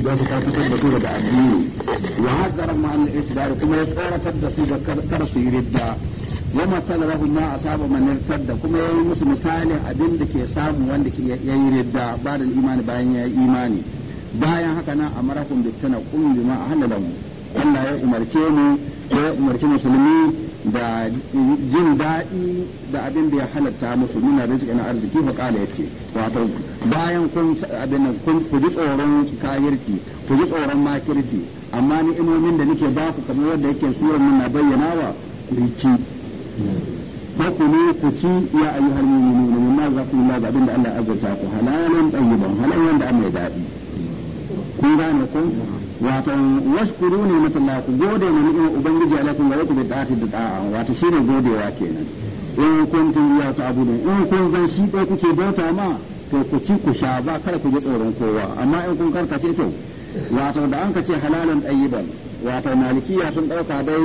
idan ka fitar da su daga addini wa hadaran ma an isdar kuma ya tsoratar da su da kar su yi ridda wa masal lahum ma asaba man irtadda kuma yayi musu misalin abin da ke samu wanda ke yayi ridda ba da imani bayan yayi imani bayan haka nan amarakum bitana qul bima ahlalahum Allah ya umarce mu ya umarci musulmi da jin daɗi da abin da ya halatta musu nuna da na arziki fa kala yace wato bayan kun abin nan kun ku ji tsoron kayirki ku ji tsoron makirci amma ni imomin da nake ba ku kamar wanda yake surar nan na bayyana wa ku ci ba ku ne ku ci ya har ayyuhal mu'minuna mimma da abin da Allah ya azurta ku halalan tayyiban halalan da amma daɗi kun wato washkuru ne mutalla ku gode ma ni'imar ubangiji alaikum wa ku bi ta'ati da da'a wato shine godewa kenan in kuntum ya ne in kun zan shi dai kuke bauta ma to ku ci ku sha ba kada ku ji tsoron kowa amma in kun karkace to wato da an ka ce halalan ɗayyiban wato malikiya sun ɗauka dai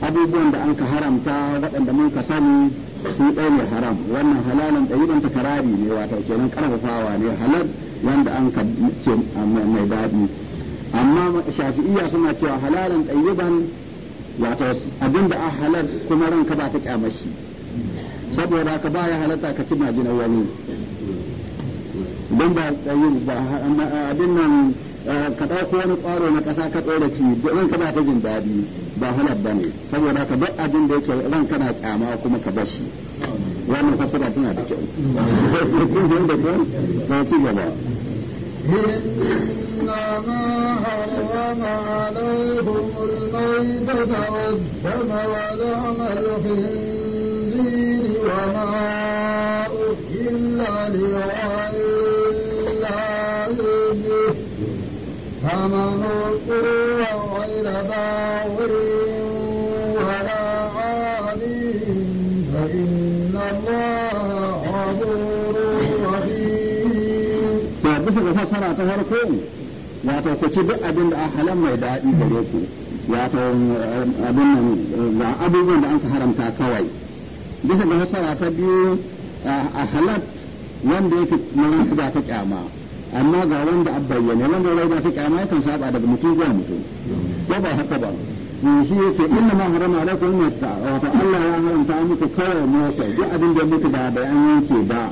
abubuwan da an ka haramta waɗanda mun ka sani su ɗaya ne haram wannan halalan ɗayyiban takarari ne wato kenan ƙarfafawa ne halal wanda an ka ce mai daɗi amma shafi'iyya suna cewa halalan ɗayyiban wato abin da a halal kuma ranka ba ta kyamashi saboda ka ba ya halatta ka ci majinar wani don ba ɗayyib ba abin nan eh, ka ɗauko wani ƙwaro na ƙasa ka ɗora ci ka ba ta jin daɗi ba halal ba ne saboda ka bar abin da yake ranka na kyama kuma ka bar shi wannan fasara tana da kyau. Ba gaba. Eh, إنما حرم عليهم الميتة والدم ولحم الخنزير وما أهل لغير الله به فمن اضطر غير باغ ولا عاد فإن الله غفور رحيم. ما بسبب فصلة تهركم wato ku ci duk abin da halal mai daɗi gare ku wato eh, abin nan ga abubuwan da an ka haramta kawai bisa ga hasara ta biyu eh, a halat wanda yake na ba ta kyama amma ga wanda an bayyana wanda rauda ta kyama yakan saba daga mutum zuwa mutum ko ba haka ba eh, shi yake inna ma harama alaikum mata wato Allah ya haramta muku kawai mota duk abin da muke da an ke ba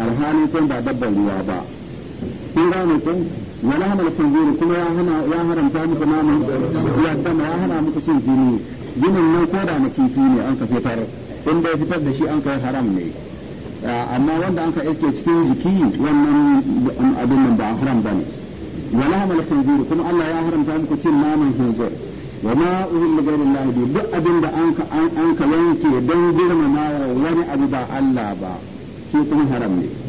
alhali kun ba dabban ruwa ba kun gane kun wala hamal khinzir kuma ya hana ya haramta muku namun ya dama ya hana muku cin jini jinin nan ko da na kifi ne an ka fitar in dai fitar da shi an kai haram ne ah, amma wanda an ka iske cikin jiki wannan abin nan ba haram bane wala hamal khinzir kuma Allah ya haramta muku cin namun khinzir wa ma uhilla ghayrillahi bi duk abin da an ka an ka yanke don girmama wani abu ba Allah ba shi kuma haram ne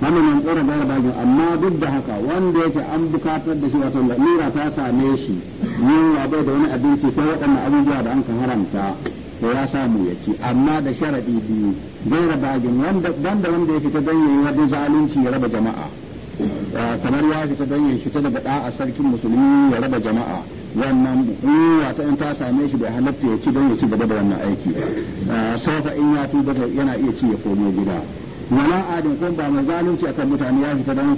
manomin tsora gara bagin amma duk da haka wanda yake an bukatar da shi wato lalura ta same shi yunwa bai da wani abinci sai waɗannan abubuwa da an kan haramta to ya samu ya ci amma da sharaɗi biyu gaira bagin wanda wanda ya fita don yayi wani zalunci ya raba jama'a ah, kamar ya fita don ya fita daga da'a sarkin musulmi ya raba jama'a wannan yunwa ta in ta same shi bai halatta ya ci don ya ci gaba da wannan aiki ah, sofa in ya tuba yana iya ci ya komo gida wala adam ko ba mai zalunci akan mutane ya fita don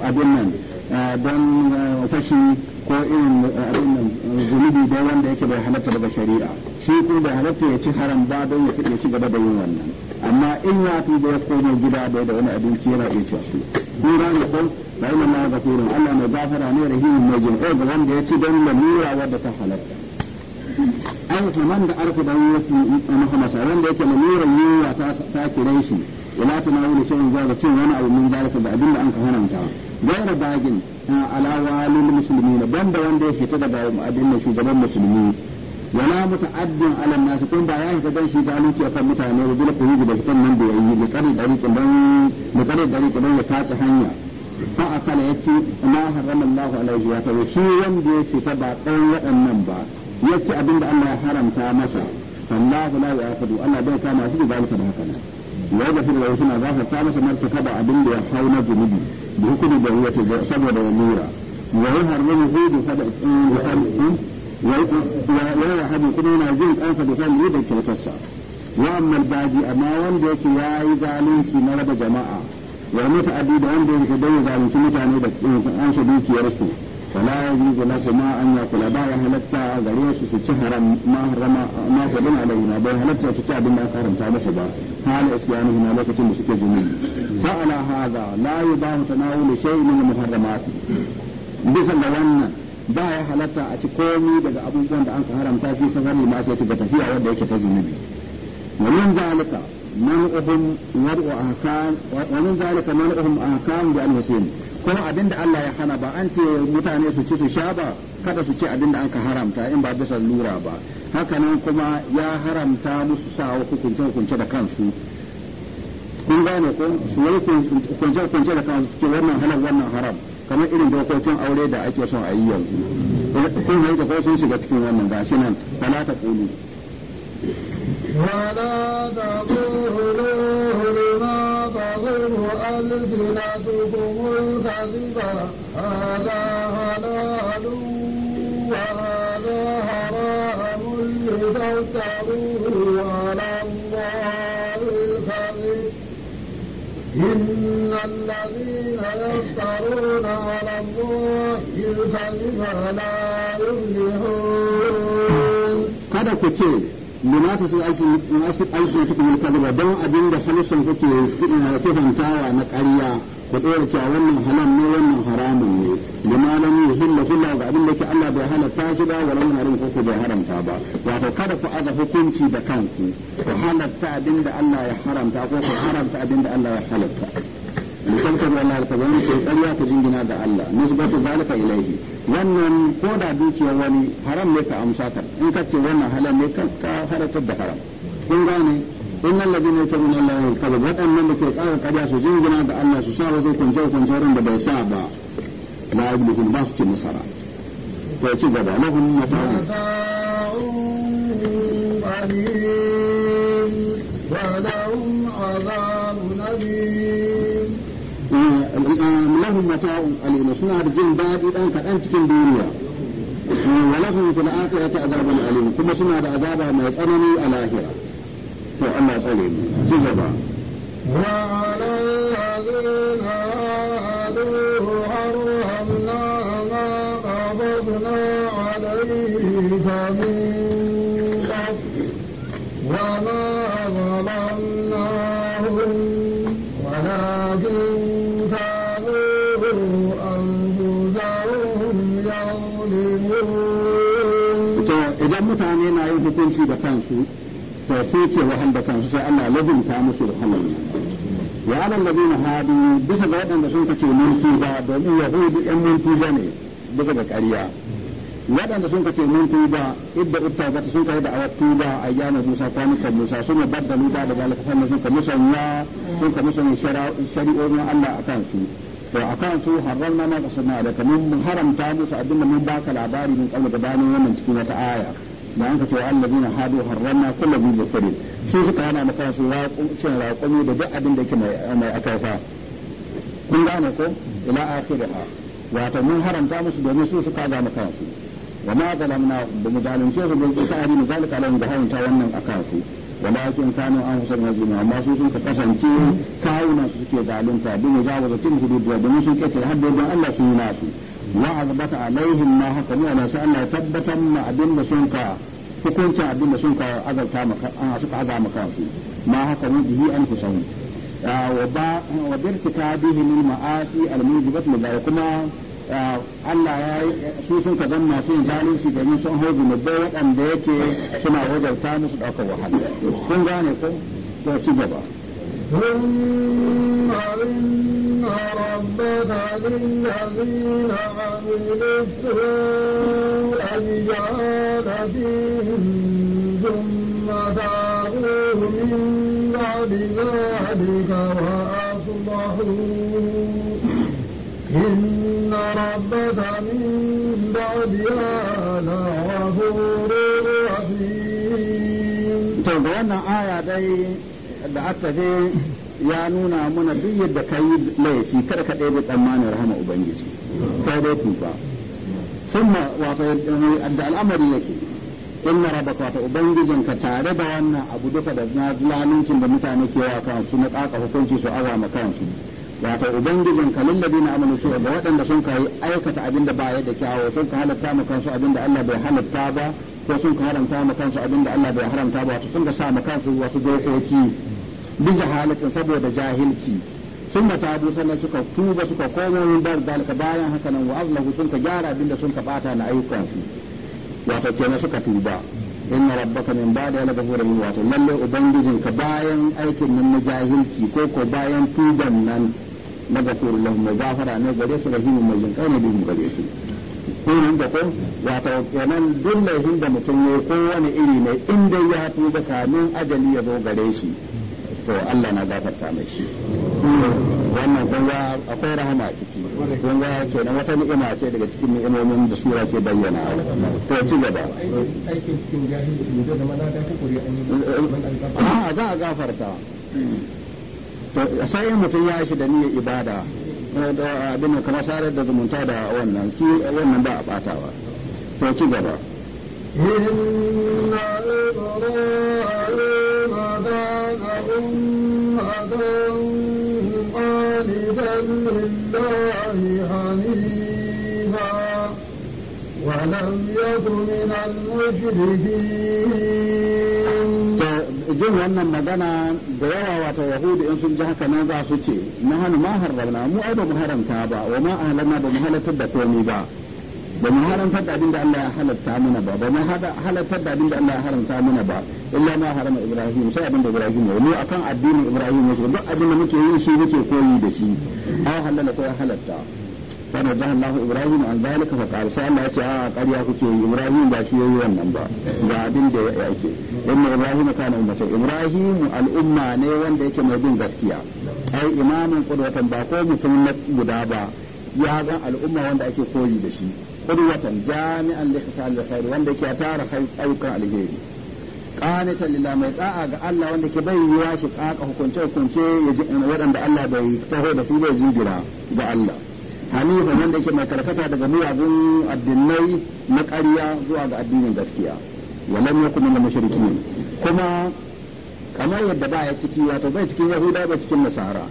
abin nan eh, don eh, fashi ko irin eh, abin nan zunubi dai wanda yake bai halatta daga shari'a shi ko bai halatta ya ci haram ba don ya ci gaba da yin wannan amma in ya fi da ya koma gida bai da wani abinci yana iya ci su kun gane ko ina ilaha ga Allah mai gafara ne rahimin mai jin ga wanda ya ci don lamura wadda ta halatta an man da arku dan yake Muhammad wanda yake lalura yiwa ta kire shi ولا تناول شيء زاد شيء وانا او من ذلك بعدين انك هنمتا غير باجن على والي المسلمين بند وند يكي تدبا ابن شغبان مسلمين ولا متعد على الناس كون بايا يتدن شي zalunci akan mutane wa bila kuyi da kitan nan da yayi da kare dariƙin dan da kare dariƙin dan ya kace hanya fa akala yace ma harrama Allahu alaihi wa ta'ala shi wanda ya fita ba dan waɗannan ba ci abinda Allah ya haramta masa Allah la ya'khudhu Allah bai kama da zalika da ya gafi da suna gafarta masa martaka da abin da ya hau na zunubi da hukumi da ya ce saboda ya nura wa ya harbi hudu kada ya ya hadu kuma yana jin kansa da kan da kyautarsa wa amma albaji amma wanda yake yayi zalunci na raba jama'a wa muta'addi da wanda yake dai zalunci mutane da an shi dukiyarsu فلا يجوز لهما أن يأكل باية هلتا غريش في شهر ما حرم muharraman alaina bai halatta su ci abin da aka haramta masa ba hal isyanihi na lokacin da suke zunubi fa ala hadha la yubahu tanawul shay'in min muharramat bisa da wannan ba ya halatta a ci komai daga abubuwan da aka haramta fi safari ma sai ta tafiya wanda yake ta zunubi wa min zalika man'uhum wad'u ahkam wa min zalika man'uhum ahkam bi al-husayn ko abin da Allah ya hana ba an ce mutane su ci su sha ba kada su ci abin da anka haramta in ba bisa lura ba hakanan kuma ya haramta musu sa hukunce hukunce da kansu kun gane ko su yi hukunce hukunce da kansu ke wannan halal wannan haram kamar irin dokokin aure da ake son a yi yanzu sun haita ko sun shiga cikin wannan gashi nan fala ta kulu ولا تقولوا منه أن فتنتكم الكذبة هذا حلال وهذا حرام لتفتروا على الله الكذب إن الذين يفترون على الله الكذب لا يفلحون. هذا كتير lima ta su aikin nasu aikin suka yi don abin da halittar kake sifantawa na ƙarya ku ɗora cewa wannan halal ne wannan haramun ne lima lam yuhilla kullu ga abin da ke Allah bai halatta shi ba walau haram ko bai haramta ba wato kada ku aza hukunci da kanku ku halatta abin da Allah ya haramta ko ku haramta abin da Allah ya halatta mutum Allah ta wani ke ƙarya ta jingina da Allah nisbatu zalika ilaihi wannan ko da dukiyar wani haram ne ka amsa ka in ka ce wannan halal ne ka haratar da haram kun gane in alladhina yaktumuna Allah wa kadhib wadannan da ke ƙara ƙarya su jingina da Allah su sa wasu kunce kunce da bai sa ba la yablihun ba su ci nasara ko ci gaba lahum mata'un ولهم متاع أليم سنة الجن بعد إذا أنت أنت كن بيريا ولهم في الآخرة عذاب أليم ثم سنة العذاب ما يتأمني الآخرة فأما سليم سيجبا وعلى الذين hukunci da kansu to su ke wahal da kansu sai Allah lazumta musu da halal wa ala alladhina hadu bisa ga waɗanda sun kace mulki ba domin yahudu ɗan mulki ba ne bisa ga ƙarya waɗanda sun kace mulki ba idda utta ga sun kai da awattu ba ayyana Musa kwanukan Musa sun baddalu da zalika sannan sun ka musanya sun ka musanya shari'o'in Allah akan su to a kan su harramna ma da mun haramta musu abinda mun baka labari mun kalma gabanin wannan cikin wata aya da an ka ce wa na hadu harrama kullu bi zakari su suka hana mu kansu cin raƙumi da duk abin da yake mai akaifa kun gane ko ila ha. wato mun haramta musu domin su suka ga mu kansu wa ma zalamna ba mu zalunce su bil ari mu zalika lahum da haramta wannan akansu. su walakin kanu an husan yazlimu amma su sun ka kasance kawunan su suke zalunta bi mujawazatin da domin sun kace haddodin Allah sun yi nasu wa azbata alaihim ma hakamu ala sa Allah tabbatan ma abinda sun ka hukuncin abin da sun kawo azabta maka an suka aza maka su ma haka mu bihi an kusahu ah, wa ba wa birtika bihi min ma'asi al-mujibat lillahi kuma ah, Allah ya su sun ka zama masu yin zalunci domin sun hau zunubai waɗanda yake suna wajarta musu ɗaukar wahala kun gane ko to ci gaba للذين عملوا السوء بجهالتهم ثم تابوا من بعد ذلك وأصلحوا إن ربك من بعدها لغفور رحيم. تبغون آية دي لعدت فيه ya nuna mana duk yadda ka yi laifi kada ka ɗaya tsammanin rahama ubangiji sai dai tuba sunna wato yadda al'amari yake inna rabbaka wato ka tare da wannan abu duka da zalincin da mutane ke wa kansu na ƙaƙa hukunci su azama kansu wato ubangijin ka da na amanu su ga waɗanda sun kayi aikata abin da ya da kyawo sun ka halatta ma kansu abin da Allah bai halatta ba ko sun ka haramta ma kansu abin da Allah bai haramta ba wato sun ka sa ma kansu wasu dokoki bi jahalatin saboda jahilci sun mata abu sannan suka tuba suka komo yin da zalika bayan haka nan wa azlahu sun ka gyara abinda sun ka bata na ayyukan su wato kenan suka tuba inna rabbaka min ba'da ya laga hura wato lalle ubangijin ka bayan aikin nan na jahilci ko ko bayan tuban nan na gafuru lahu mai gafara ne gare su rahimu mai jinkai ne bihin gare su irin da ko wato kenan duk laifin da mutum ne kowane iri ne inda ya tuba kamin ajali ya zo gare shi to Allah na gafarta mai shi wannan kun ga akwai rahama a ciki kun ga kenan wata ni'ima ce daga cikin ni'imomin da sura ce bayyana to ci gaba aikin da da ta kuri an yi za a gafarta to sai in mutum ya shi da niyyar ibada da abin kuma sare da zumunta da wannan shi wannan ba a batawa to ci gaba إن الإبراهيم عدو jin wannan magana da yawa wata yahudu in sun ji haka nan za su ce na hannu ma haramna mu ai ba mu haramta ba wa ma ahalanna ba mu halatar da komi ba ba mu haramta da abin da Allah ya halatta mana ba ba mu halatta da abin da Allah ya haramta mana ba illa ma harama Ibrahim sai abin da Ibrahim ya mu akan addinin Ibrahim ne duk abin da muke yi shi muke koyi da shi ha halala ko ya halatta kana da Allah Ibrahim an zalika fa qala sai Allah ya ce a ƙarya kuke yi Ibrahim ba shi yayi wannan ba ga abin da ya yake inna Ibrahim kana ummatan Ibrahim al umma ne wanda yake mai bin gaskiya ai imamin qudwatan ba ko mutum na guda ba ya zan al'umma wanda ake koyi da shi qudwatan jami'an li khisal al wanda yake tara kai ayyukan alheri qanitan lillahi mai tsa'a ga Allah wanda ke bai yiwa shi tsaka hukunce hukunce waɗanda Allah bai taho da su bai jingira ga Allah halifa wanda yake mai karkata daga miyagun addinai na ƙarya zuwa ga addinin gaskiya walam yakun min mushrikin kuma kamar yadda ba ya ciki wato bai cikin yahuda ba cikin nasara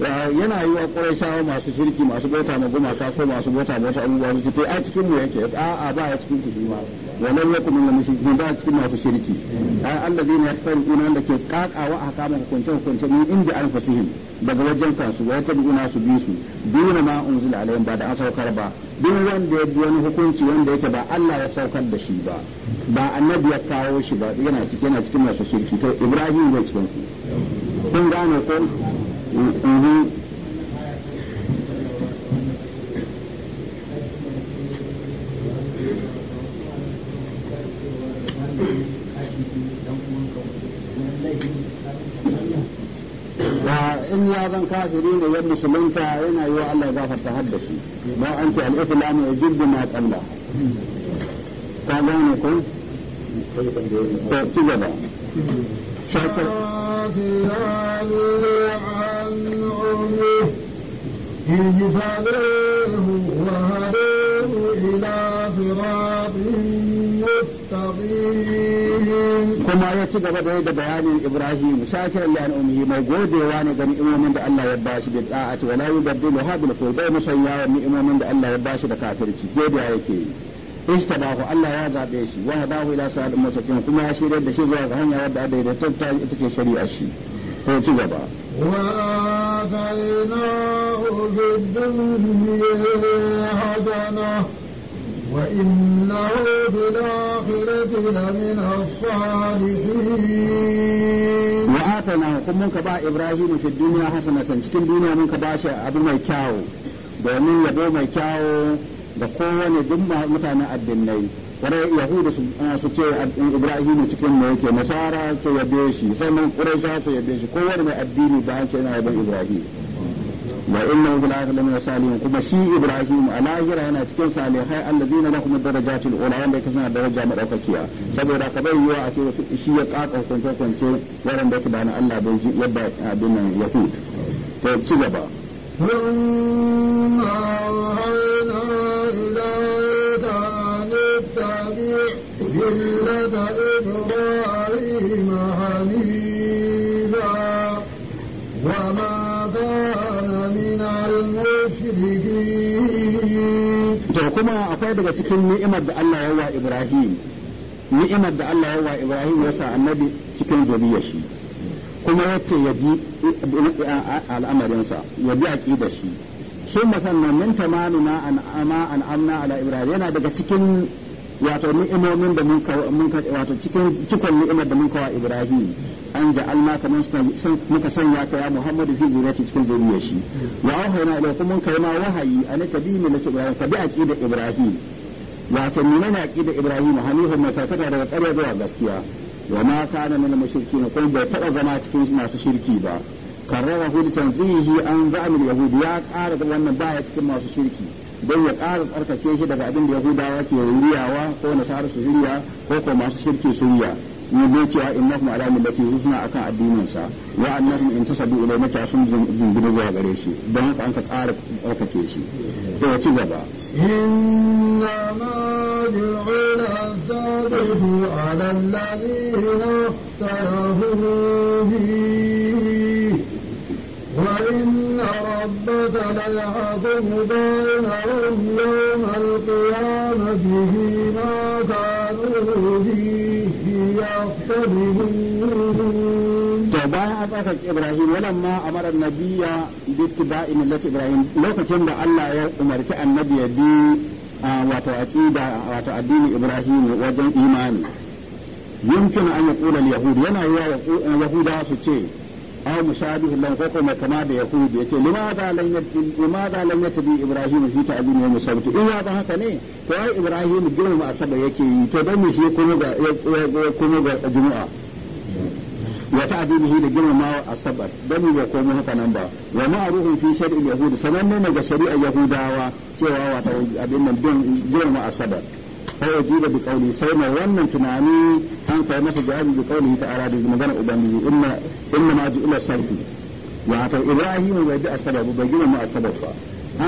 Eh, yana yi wa ƙurashawa masu shirki masu bota ma gumaka ko masu bota ma wasu abubuwa su ce a cikin mu yake a'a ba a cikin ku ma ya kuma na mushrikin ba a cikin masu shirki ai alladheena yaftarquna da ke kakawa a kama hukunce hukunce min inda anfusihim daga wajen kansu wa yatabuna su bi su duna ma unzila alaihim ba da an saukar ba duk wanda ya bi wani hukunci wanda yake ba Allah ya saukar da shi ba ba annabi ya kawo shi ba yana cikin masu shirki to Ibrahim ya cikin ku kun gane ko in ya zan kafiri ne ya musulunta yana yi wa Allah za a har da shi ba an ce jirgi kalla ta ta ci gaba اجتباه ya إلى صراط مستقيم gaba da da bayanin Ibrahim Allah li an'umihi mai godewa ne ga ni'imomin da Allah ya bashi da da'ati wala yubaddilu hadil ko dai musanya wa ni'imomin da Allah ya bashi da kafirci godiya yake yi ishtabahu Allah ya zabe shi wa hadahu ila Salim musakin kuma ya shirye da shi zuwa ga hanya wadda daidaitatta ita ce shari'a shi ko ci gaba وآتيناه في الدنيا حسنة وإنه في الآخرة لمن الصالحين وآتناه كم منك با إبراهيم في الدنيا حسنة cikin duniya منك باشا abu mai kyawu domin yabo mai kyawu da kowane duk mutanen addinai kwarai yahudu su ah, ce ah, ibrahimu cikin mu yake nasara su yabe shi sannan za su yabe shi kowanne mai addini ba ce yana yaban ibrahim wa inna fil akhirati min salihin kuma shi ibrahim a lahira yana cikin salihai alladina lahum darajatul ula wanda yake suna daraja madaukakiya saboda ka bai yiwa a ce shi ya kaka kace kwance da yake da na Allah bai ji yadda abin nan yahud to ci gaba kuma akwai daga cikin ni'imar da Allah ya wa Ibrahim ni'imar da Allah ya wa Ibrahim ya sa annabi cikin zuriyar shi kuma ya ce ya bi al'amarinsa ya bi aqidar shi shi masannan min tamamina an amma an amna ala Ibrahim yana daga cikin wato ni'imomin da mun kawo wato cikin cikon ni'imar da mun kawo Ibrahim an ja'alna kaman san muka sanya ka ya Muhammadu fi zuriyati cikin zuriyar shi wa wahayna ila kuma mun kai ma wahayi an na na ta Ibrahim tabi aqida Ibrahim wato ni ki aqida Ibrahim hanifa mai karkata daga ƙarya zuwa gaskiya wa ma kana min mushrikin kun bai taba zama cikin masu shirki ba karrawa hu tanzihi an za'amil yahudi ya ƙara wannan baya cikin masu shirki don ya ƙara tsarkake shi daga abin da yahudawa ke riyawa ko nasara su riya ko ko masu shirki su riya ni zai cewa innahum ala millati su akan addinin sa wa annahum intasabu ila mata sun jingiri zuwa gare shi don haka an ka ƙara tsarkake shi to ci gaba inna ma ju'ila zalihu ala alladhina ikhtarahu بدل العظم بينهم يوم القيامة فيما كانوا به يختلفون. بايع أتاك إبراهيم ولما أمر النبي باتباع ملة إبراهيم لو كتب الله أمرت النبي بي wato aqida wato addini ibrahim wajen imani yumkin an yaqula al yahud yana yawa yahuda su ce aw mushabihi lan ko kuma kama da yahudi yace limadha lan yati limadha lan in ya ba haka ne to ai ibrahim girma yi to dan juma'a wa ta'dilihi da girmamawa asabar dan haka nan ba wa yahudawa cewa asabar فيجيب بقوله سيما وانا تنعني هم في مسجد هذه بقوله تعالى بمدن أبانيه إما إما ما إلا سيدي وعطى إبراهيم ويجاء السبب وبيجيب ما السبب فا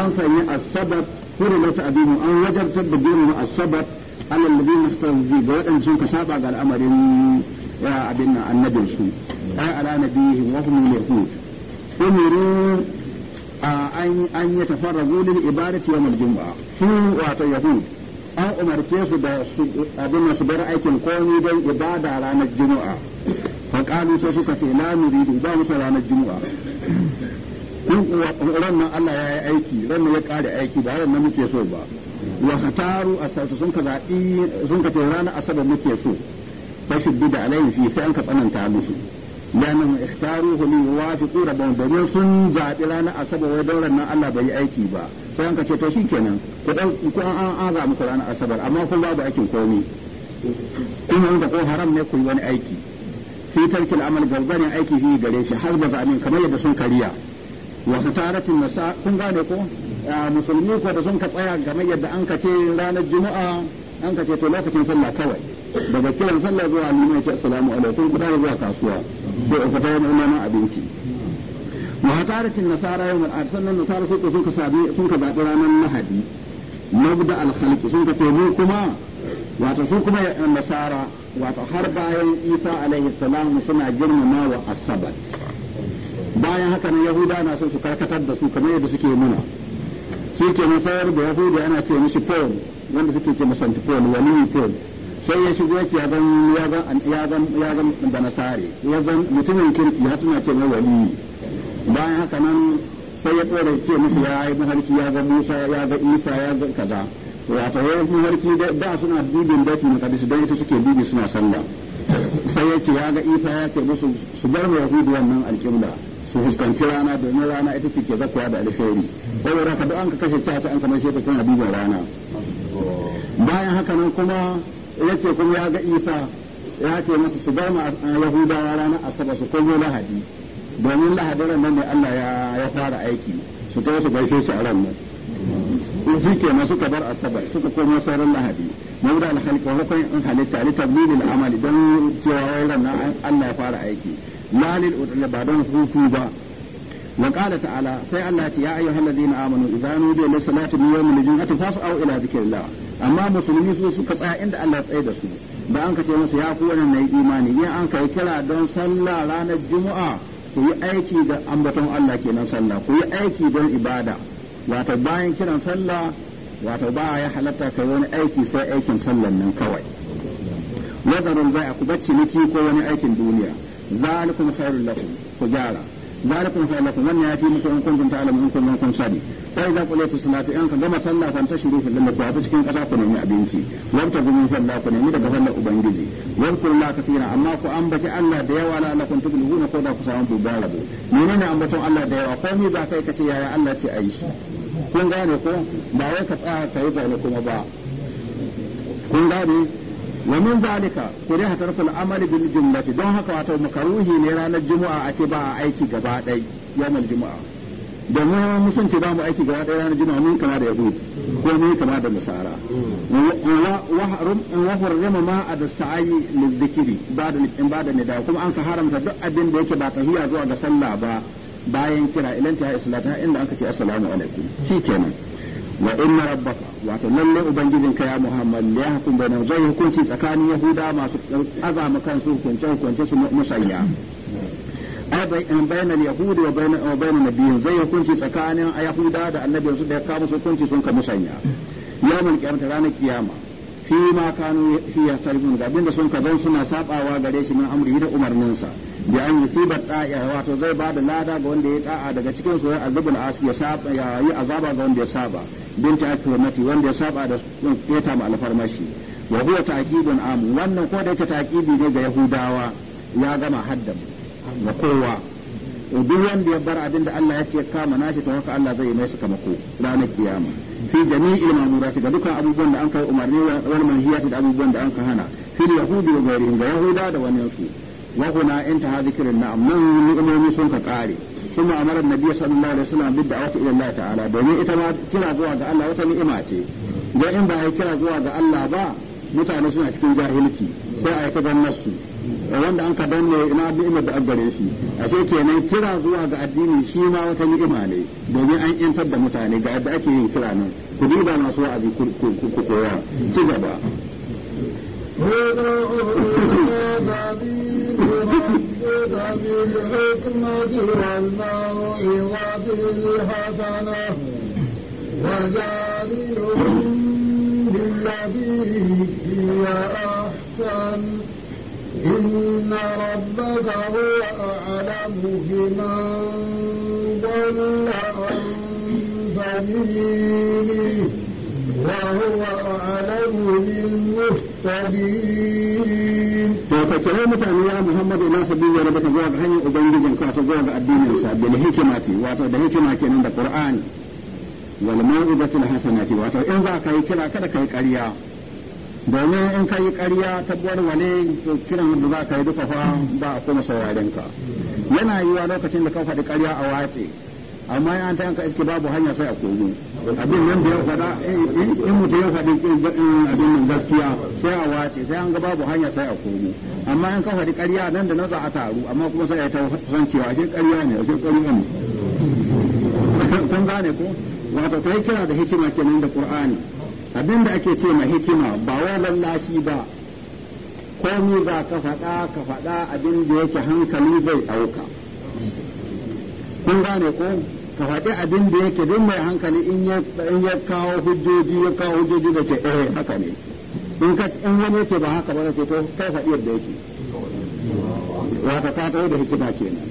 هم في السبب كل ما تأبينه أن وجب تبدين ما السبب على الذين اختاروا فيه بوئن سنك سابع قال أمر يا أبنا أن نجل على نبيهم وهم المرهود أمروا آه، أن يتفرغوا للإبارة يوم الجمعة في وعطي يهود an umarce su da abin su bar aikin komi don ibada ranar juma'a faƙalu sai suka ce la nuridu ba musu ranar juma'a kun ranar Allah ya yi aiki ranar ya ƙare aiki ba ranar muke so ba wa hataru sun ka zaɓi sun ka ce ranar asabar muke so fashin bi da alayhi fi sai an ka tsananta musu لأنهم اختاروه ليوافقوا ربهم domin sun zaɓi ranar asabar wai daular nan Allah bai yi aiki ba sai an kace to shi kenan ku an an za muku ranar asabar amma kun babu aikin komi kun wanda ko haram ne ku yi wani aiki fi tarkil amal garbanin aiki fi gare shi har ba amin kamar yadda sun kariya wasu taratin nasa kun gane ko musulmi ko da sun ka tsaya game yadda an kace ranar juma'a an ka ce to lokacin sallah kawai daga kiran sallah zuwa liman ya ce assalamu alaikum guda zuwa kasuwa ko fita wani neman abinci wa hataratin nasara yau al'ad sannan nasara sun ka sabi sun ka zaɓi ranar lahadi mabda al-khalq sun ka ce mu kuma wato su kuma nasara wato har bayan isa alaihi salam suna girmama wa asabat bayan haka ne yahuda na son su karkatar da su kamar yadda suke muna su ke nasayar da yahuda ana ce mishi paul wanda suke ce masantifol wani fol sai ya shigo ya ce ya zan ya zan ya zan ya zan mutumin kirki ya suna ce wani bayan haka nan sai ya tsora ce musu ya yi maharki ya ga Musa ya ga Isa ya ga kaza wato ya yi maharki da suna dubin daki na kadisi don ita suke dubi suna sallah sai ya ce ya ga Isa ya ce musu su bar wa duwannan wannan alƙibla su fuskanci rana domin rana ita ce ke zakuwa da alheri saboda ka an ka kashe caca an kamar shi kuma duba rana bayan haka nan kuma ya ce kuma ya ga isa ya ce masa su bar ma yahudawa ranar asabar su komo lahadi domin lahadi ran nan ne allah ya fara aiki su ta su gaishe shi a ran nan shi ke masu kabar asabar suka komo sauran lahadi mawuda alhalka hukun in halitta litabdilil amali don cewa ran nan allah ya fara aiki la lil ba don hutu ba wa qala ta'ala sai Allah ya ayyuhal ladina amanu idza nudiya lis salati min yawmil jum'ati fas'au ila dhikrillah amma musulmi su suka tsaya inda Allah tsaye da su da an kace musu ya ku wannan nayi imani in an kai kira don sallah ranar juma'a ku yi aiki da ambaton Allah kenan sallah ku yi aiki don ibada wato bayan kiran sallah wato ba ya halatta kai wani aiki sai aikin sallan nan kawai wadarun zai ku bacci ciniki ko wani aikin duniya zalikum khairul lakum ku gyara zalikum khairul lakum wannan ya fi muku in kuntum alamu in kuntum kun sani fa idza qulaytu salatu in ka gama sallah kan tashru fil lamma ku ta cikin kasa ku nemi abinci wabta gumin da ku nemi daga sallar ubangiji wadkuru la kathira amma ku ambaci Allah da yawa la'allakum tuflihuna ko da ku samu bugar rabo ne ambaton Allah da yawa komai za kai kace yaya Allah ce ayi shi kun gane ko ba wai ka tsaya kai zaune kuma ba kun gane wa min zalika kuriha tarkul amali bil jumlati don haka wato makaruhi ne ranar juma'a a ce ba a aiki gaba ɗai yawmal juma'a domin mun ce ba mu aiki gaba ɗaya ranar juma'a mun kama da yahu ko mun kama da nasara wa harum wa harrama ma ad sa'i lil dhikri ba da in ba da nida kuma an ka haramta duk abin da yake ba tahiyya zuwa ga sallah ba bayan kira ilanta ya islata inda aka ce assalamu alaikum shikenan wa inna rabbaka wato lalle ubangijin ka ya muhammad ya hukum nan zai hukunci tsakanin yahuda masu azama kansu hukunce hukunce su musanya bayan al-yahud wa bayan nabiyin zai hukunci tsakanin yahuda da annabin su da ya kawo hukunci sun ka musanya yawmul qiyamah ranar kiyama fi ma kanu fi yastalifun ga abinda sun ka zan suna sabawa gare shi min amri da umarninsa da an yusiba da'a wato zai ba da lada ga wanda ya ta'a daga cikin su zubul as ya saba ya yi azaba ga wanda ya saba bin ta wanda ya saba da keta ma alfarmashi wa huwa ta'kidun am wannan ko da yake ta'kidi ne ga yahudawa ya gama haddam ga kowa duk wanda ya bar abin da Allah ya ce kama nashi to haka Allah zai yi mai sakamako ranar kiyama fi jami'il ma'murati ga dukkan abubuwan da an kai umarni wal manhiyati da abubuwan da an ka hana fil yahudi wa ghairihim ga yahuda da wannan su wa na intaha zikrun na'am nan ni'imomi sun ka kare kuma amara annabi sallallahu alaihi wasallam bid da'wati ila Allah ta'ala domin ita ma kira zuwa ga Allah wata ni'ima ce dan in ba ai kira zuwa ga Allah ba mutane suna cikin jahilci sai a yi ta gannar su wanda an ka danne ina ni'imar da aggare shi ashe kenan kira zuwa ga addini shi ma wata ni'ima ne domin an yantar da mutane ga yadda ake yin kira nan ku duba masu wa'azi ku koya ci gaba بالحكمة والموعظة الحسنة وجادلهم بالذي هي أحسن إن ربك هو أعلم بمن ضل عن سبيله وهو أعلم بالمهتدين ka kira mutane ya Muhammad ila ta rabbika zuwa ga hanyar ubangijin ka ta zuwa ga addinin sa bil hikimati wato da hikima nan da Qur'ani wal mau'izatil hasanati wato in za ka yi kira kada ka yi ƙarya domin in ka yi ƙarya tabbar wale to kiran da za ka yi duka fa ba a kuma sauraren ka yana yiwa lokacin da ka faɗi ƙarya a wace amma in an ta yanka iske babu hanya sai a komo abin nan da ya faɗa eh, eh, in mutum ya faɗi eh, abin nan gaskiya sai a wace sai an ga babu hanya sai a komo amma in ka faɗi ƙarya nan da nan a taru amma kuma sai a ta san cewa ake ƙarya ne ake ƙarya ne kun gane ko wato ta kira da hikima kenan da qur'ani abin da ake ce ma hikima ba wa lallashi ba komi za ka faɗa ka faɗa abin da yake hankali zai ɗauka kun gane ko ka faɗi abin da yake don mai hankali in ya kawo hujjoji ya kawo hujjoji da ce eh haka ne in ka in wani yake ba haka ba ce to kai faɗi yadda yake wata ta tawo da hikima kenan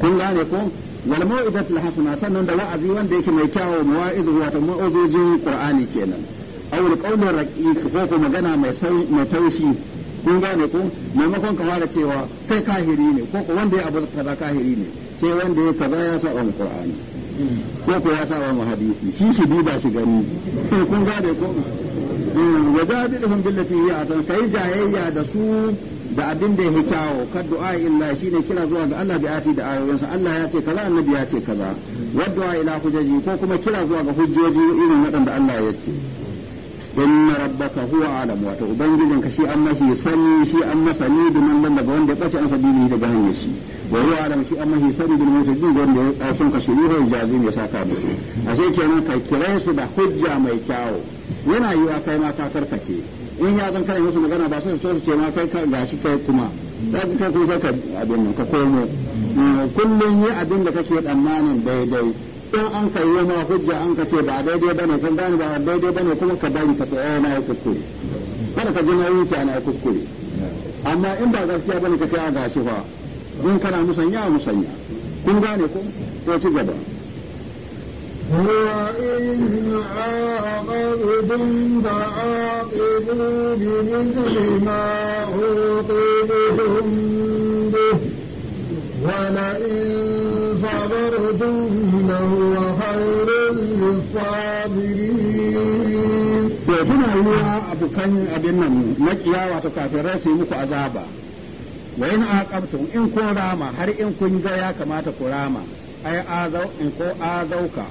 kun gane ko wal mau'izatul hasana sannan da wa'azi wanda yake mai kyawu muwa'izu wato mu'azojin qur'ani kenan aw qawlur raqiq ko ko magana mai mai taushi kun gane ko maimakon ka fara cewa kai kahiri ne ko ko wanda ya abu kaza kahiri ne sai wanda ya kaza ya sa wani qur'ani ko ko ya sa wani hadisi shi shi duba shi gani kun gane ko eh, wa jadilhum billati hiya asan kai jayayya da su da abin da yake kyawo kad du'a illa shine kira zuwa ga Allah bi ati da ayoyinsa Allah ya ce kaza annabi ya ce kaza wad'a ila hujaji ko kuma kira zuwa ga hujjoji irin waɗanda Allah ya ce inna rabbaka huwa alam wato ubangijinka shi an mashi sani shi an masani dumin nan daga wanda ya bace an sabili daga hanyar shi wa huwa alam shi amma shi sani bil mutajin wanda ya sun ka shiru ho jazi ya saka da a sai kenan kai kiran su da hujja mai kyawu yana yiwa kai ma ka farkace in ya zan kana musu magana ba sai su ce ma kai ka gashi kai kuma za ka kai kuma sai ka abin nan ka komo mm, kullum yi abin da kake tsammanin daidai in an ka yi ma hujja an ka ce ba daidai bane kan gane ba daidai bane kuma ka bari ka tsaya na yi kuskure kada ka ji nauyin ana yi kuskure amma in ba gaskiya bane ka ce a gashi fa don kana musanya a musanya kun gane ko to ci gaba وإن عاقبتم ولئن صبرتم لهو خير للصابرين. to suna yiwa abokan abin nan makiya wato kafirai su yi muku azaba wa in in kun rama har in kun ga ya kamata ku rama ai azau in ko azauka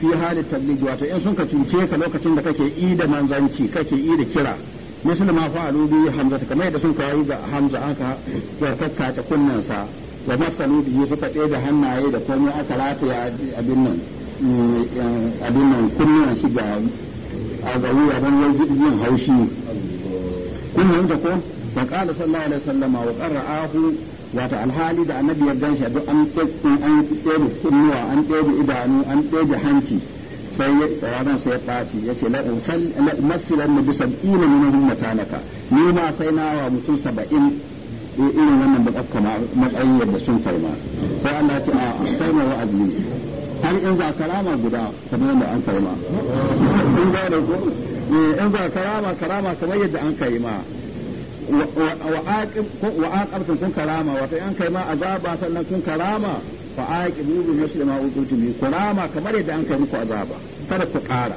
fi hali tabligi wato in sun ka cuce ka lokacin da kake i da manzanci kake i da kira misal ma fa'alu bi hamza kamar yadda sun kai da hamza aka ya kakkace sa wa masalu bihi suka tsaye da hannaye da komai aka rataya abin nan mm, abin nan kunnuwan shi ga a ga wuya don yin haushi kunnan da ko fa qala sallallahu alaihi wasallama wa qara'ahu wato alhali da annabi ya ganshi duk an tsaye an kunnuwa an tsaye idanu an tsaye hanci sai ya tsayaran sai ya ɓaci ya ce mafilan na bisa ina ne na matanaka ni ma sai na wa mutum saba'in irin wannan bakakka matsayin yadda sun farma sai Allah ce a farma wa'azi har in za karama guda kamar yadda an farma in za karama karama kamar yadda an kai ma wa aqabtum kun karama wato in kai ma azaba sannan kun karama fa aqibu bi misli ma uqutu karama kamar yadda an kai muku azaba kada ku kara.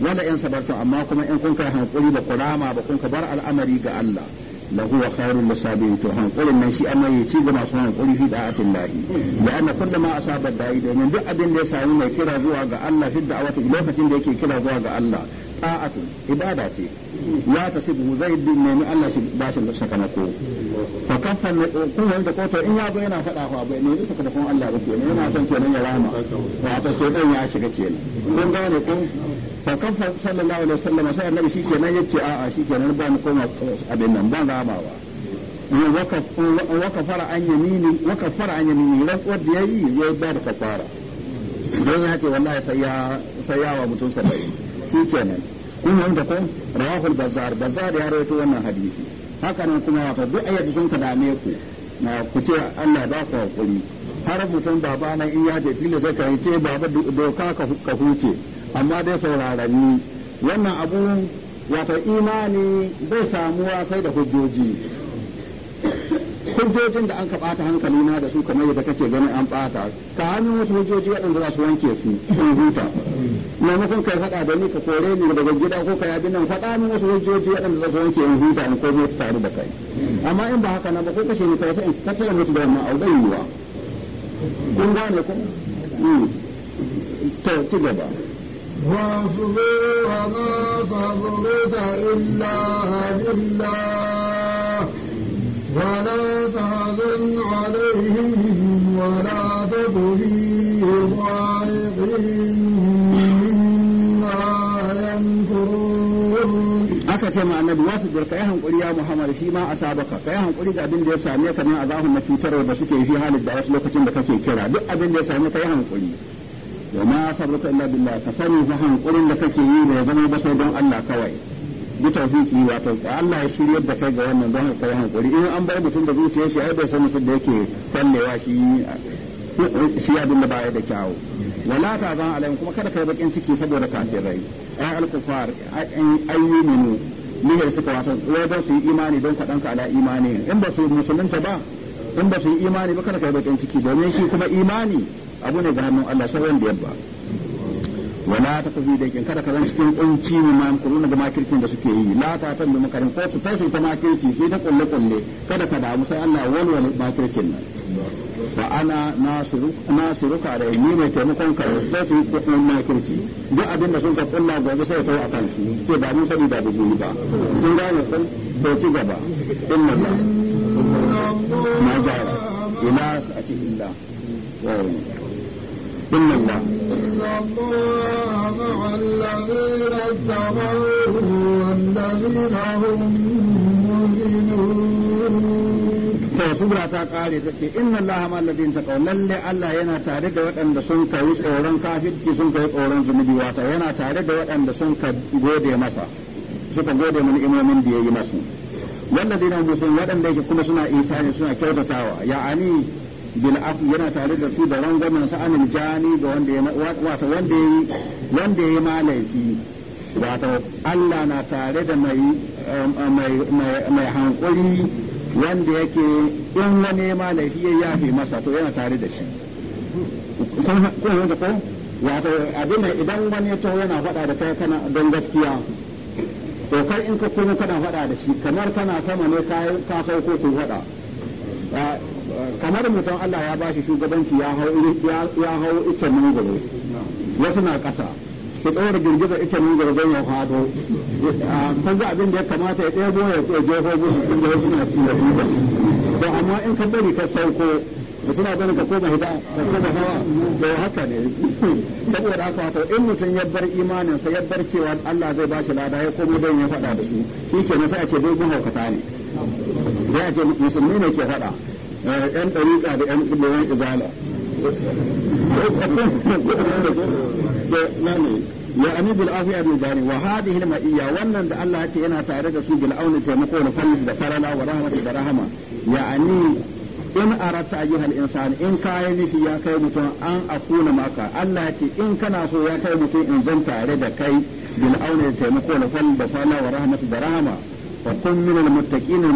wala in sabartu amma kuma in kun kai hankuri ba kurama ba kun ka bar al'amari ga Allah lahu wa khairul musabihin to hankulin nan shi amma ya ci ga masu hankuri fi da'atin lahi da anna kullu ma asaba da'i domin duk abin da ya sami mai kira zuwa ga Allah fi da'awati lokacin da yake kira zuwa ga Allah ta'atun ibada ce ya ta sibu zai bin nemi Allah shi ba shi saka na ko fa kafan ne oh, ko wani da koto in ya zo yana faɗa fa bai da kun Allah ba kenan yana son kenan ya rama ta so dan ya shiga kenan kun gane kun fa kafan sallallahu alaihi wasallam sai annabi shi kenan yace a a shi kenan ba mu koma abin nan ban ramawa wakafara an yamini wakafara an yamini rantsuwar da yayi ya ba da kafara don ya ce wallahi sai ya sai ya yawa mutum saba'in shi kenan wanda ko rahul bazar bazar ya rawaito wannan hadisi haka nan kuma wato duk ayyukan sun ka dame ku na kuce Allah ba ku hakuri har mutum baba na in ya ce tilo sai kai ce baba doka ka huce amma dai sauraron ni wannan abu wato imani bai samuwa sai da hujjoji hujjojin da an ka bata hankali na da su kamar yadda kake ganin an bata ka hannun wasu hujjoji waɗanda za su wanke su in huta maimakon kai faɗa da ni ka kore ni daga gida ko ka yabi nan faɗa min wasu hujjoji waɗanda za su wanke in huta in komo ta tare da kai amma in ba haka na ba ko kashe ni kai sai in kace kashe mutu da wannan auren yiwa kun gane ko hmm. to ci gaba واصبر وما صبرك إلا بالله ولا تعذن عليهم ولا تك في aka ce ma annabi wasu dur kai hankuri ya Muhammad shi ma asabaka kai hankuri da abin da ya same ka na azahun na fitar da suke fi halin da wasu lokacin da kake kira duk abin da ya same yi hankuri wa ma sabruka illa billah ka sani fa da kake yi ne zama ba sai don Allah kawai bi tawfiki wato Allah ya shiryar da kai ga wannan don haka hankali in an bar mutum da zuciya shi ai bai san musu da yake fallewa shi shi ya dinda baya da kyawu wala ta zan alaihim kuma kada kai bakin ciki saboda kafirai ai al-kufar ni ne suka wato wai don su yi imani don ka ka ala imani in ba su musulunta ba in ba su yi imani ba kada kai bakin ciki domin shi kuma imani abu ne ga hannun Allah sai wanda yabba wala ta tafi da kin kada ka zan cikin kunci ne ma kuruna ga makircin da suke yi la ta tan da makarin ko su tashi ta makirci sai ta kulle kulle kada ka damu sai Allah walwala makircin nan fa ana nasiru nasiruka da ni mai taimakon ka sai su yi makirci duk abin da sun ka kulla gobe sai ta akan su ce ba mu sani da bugu ba kun gane kun ko ci gaba inna Allah ma jara ila sa'ati illa wa إن الله والذين اتقوا والذين هم to kubra ta kare ta ce inna allaha ma alladhin taqaw lalle Allah yana tare da waɗanda sun kai tsoron kafirci sun kai tsoron zunubi wata yana tare da waɗanda sun ka gode masa suka gode mana imamin da yayi masu waɗanda dina musulmi waɗanda yake kuma suna isani suna kyautatawa ya ya'ani bil afu yana tare da su da rangwamen sa anil jani ga wanda ya wato wanda yayi wanda yayi malaifi wato Allah na tare da um, um, mai mai mai hankuri wanda yake in wani malaifi ya yafe masa to yana tare da shi kun kun ko wato abin idan wani ya taho yana faɗa da kai kana don gaskiya to kai in ka kuma kana faɗa da shi kamar kana sama ne ka sauko ko faɗa ah, kamar mutum Allah ya bashi shugabanci ya hau ita mangoro wasu na ƙasa su ɗora girgiza ita mangoro don ya fado ah, kan za abin da ya kamata ya ɗebo ya ko jeho musu tun da wasu na ci da duba to amma in ka bari ka sauko da suna ganin ka koma hida ka koma hawa da haka ne saboda haka to in mutum ya bar imanin sa ya bar cewa Allah zai bashi lada ya komo don ya faɗa da su shi ke sai a ce dogon haukata ne sai a ce musulmi ne ke faɗa yan ɗariƙa da yan ɗilewan izala ya ani bil afiya min wa hadhihi al ma'iyya wannan da Allah ce yana tare da su bil auni taimako da fadl da farala wa rahmatu da rahama ya ani in aratta ayyuha al insan in kai nufi ya kai mutum an akuna maka Allah ya ce in kana so ya kai mutum in zan tare da kai bil auni taimako da fadl da farala wa rahmatu da rahama wa kun min al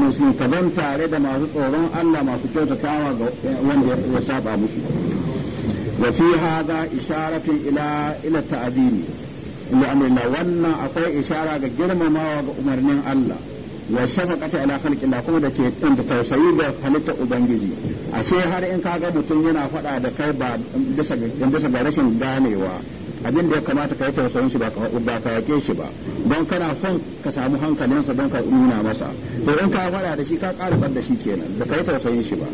muslimin kadan tare da masu tsoron Allah masu kyautatawa ga wanda ya saba musu wa fi hadha isharatun ila ila ta'zimi li amrina wannan akwai ishara ga girmamawa ga umarnin Allah wa shafaqati ala la kuma da ce da tausayi ga halitta ubangiji ashe har in kaga mutum yana fada da kai ba bisa ga rashin ganewa abin da ya kamata ka yi tausayin shi ba ka yake shi ba don kana son ka samu hankalinsa don ka nuna masa to in ka faɗa da shi ka ƙara da shi kenan da ka yi tausayin shi ba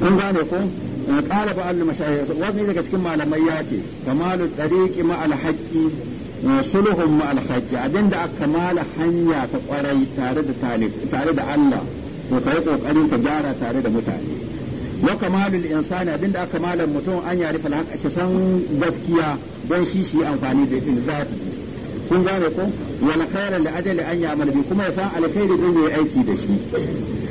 kun gane ko ƙara ba allu mashayar wani daga cikin malamai ya ce kamalu tariqi ma alhaqi sulhun ma abin da aka mala hanya ta kwarai tare da tare da Allah to kai kokarin ka gyara tare da mutane wa kamalul insani abinda aka malar mutum an yari fal haqqa shi san gaskiya don shi shi amfani da ita zafi kun gane ko wal khayra li ajali an ya'mal bi kuma ya san alkhairi don ya aiki da shi